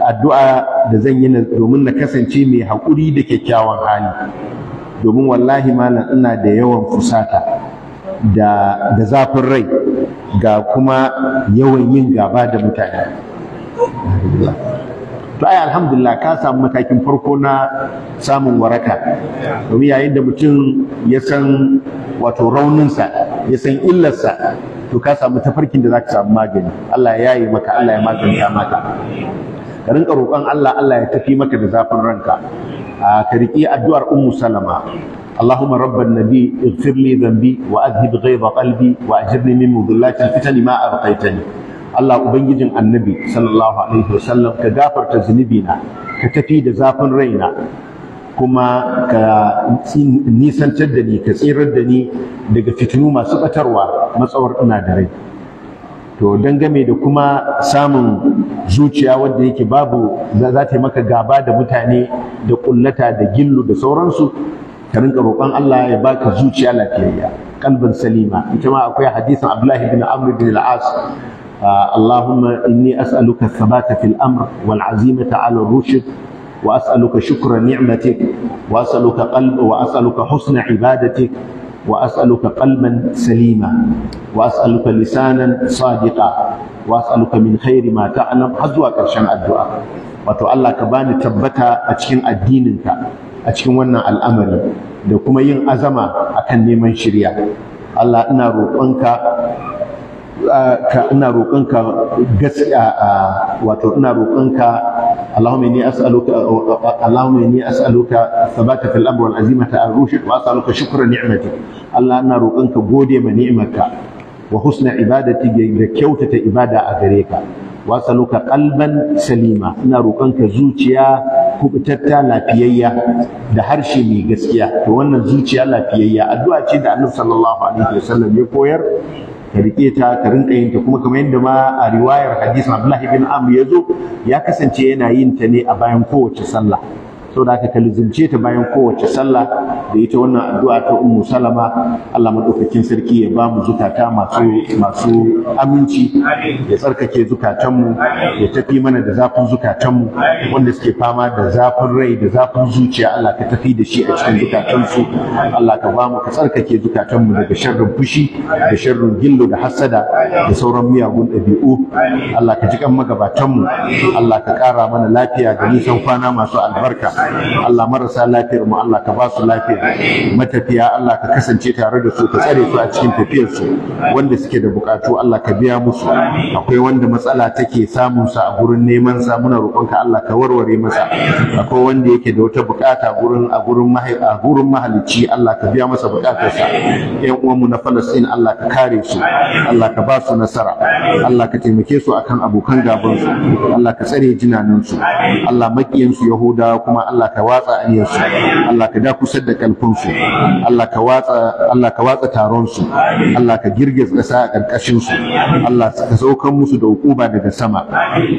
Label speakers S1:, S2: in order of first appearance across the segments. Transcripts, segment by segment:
S1: addu'a da zan yi domin na kasance mai haƙuri da kyakkyawan hali domin wallahi malam ina da yawan fusata da zafin rai ga kuma yawan yin gaba da mutane to ai alhamdulillah ka samu matakin farko na samun waraka domin yayin da mutum ya san wato rauninsa ya san illarsa to ka samu tafarkin da za ka samu magani Allah ya yi maka Allah ya maganta mata. ka rinka roƙon Allah Allah ya tafi maka da zafin ranka ka riƙi addu'ar ummu salama nabi ighfir li dhanbi wa adhib ghayba qalbi wa ajirni min مضلات الفتن ma Allah ubangijin annabi sallallahu alaihi wasallam ka gafarta zunubina ka tafi da zafin raina kuma ka nisantar da ni ka tsirar da ni daga fitinu masu batarwa matsawar ina da rai to game da kuma samun zuciya wadda yake babu za ta maka gaba da mutane da kullata da gillu da sauransu ka rinka roƙon Allah ya baka zuciya lafiyayya kalbin salima ita ma akwai hadisin Abdullahi bin Amr bin al-As اللهم إني أسألك الثبات في الأمر والعزيمة على الرشد وأسألك شكر نعمتك وأسألك قلب وأسألك حسن عبادتك وأسألك قلبا سليما وأسألك لسانا صادقا وأسألك من خير ما تعلم حزوا كرشان الدعاء wato Allah ka bani tabbata a cikin addininka a cikin wannan al'amari da kuma yin azama akan neman shirya Allah ina roƙonka ina roƙonka gaskiya wato ina roƙonka اللهم إني أسألك اللهم إني أسألك الثبات في الأمر والعزيمة على رشدك وأسألك شكر نعمتك الله أنا روقنك غودي من نعمك وحسن عبادتي بكيوتة عبادة أغريك وأسألك قلبا سليما أنا روقنك زوجيا كبتتا لا فييا دهرشي مي غسكيا وأنا زوجيا لا فييا أدعى تشيد النبي صلى الله عليه وسلم يقول ka riƙe ta ka rinka yin ta kuma kamar yadda ma a riwayar hadisin Abdullah bin Amr zo ya kasance yana yin ta ne a bayan kowace sallah saboda haka ka ta bayan kowace sallah da ita wannan addu'a ta ummu salama Allah madaukakin sarki ya bamu mu zukata masu masu aminci ya tsarkake mu ya tafi mana da zafin mu wanda suke fama da zafin rai da zafin zuciya Allah ka tafi da shi a cikin su Allah ka ba mu ka tsarkake mu daga sharrin fushi da sharrin gillo da hassada da sauran miyagun ɗabi'u Allah ka ji kan magabatanmu Allah ka ƙara mana lafiya ga nisan kwana masu albarka Allah marasa lafiyar mu Allah ka ba su lafiya matafiya Allah ka kasance tare da su ka tsare su a cikin tafiyar su wanda suke da bukatu Allah ka biya musu akwai wanda matsala take samun sa a gurin neman sa muna roƙon ka Allah ka warware masa akwai wanda yake da wata bukata gurin a gurin mahai a gurin mahalicci Allah ka biya masa bukatar sa ƴan uwan mu na Palestine Allah ka kare su Allah ka ba su nasara Allah ka taimake su akan abokan gaban su Allah ka tsare jinanin su Allah makiyan su Yahuda kuma Allah ka watsa aniyarsu Allah ka dakusar da kalfinsu Allah ka watsa Allah ka watsa taron su Allah ka girgiz ƙasa a ƙarƙashin su Allah ka saukar musu da hukuma daga sama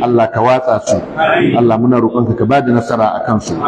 S1: Allah ka watsa su Allah muna roƙonka ka ba da nasara a kansu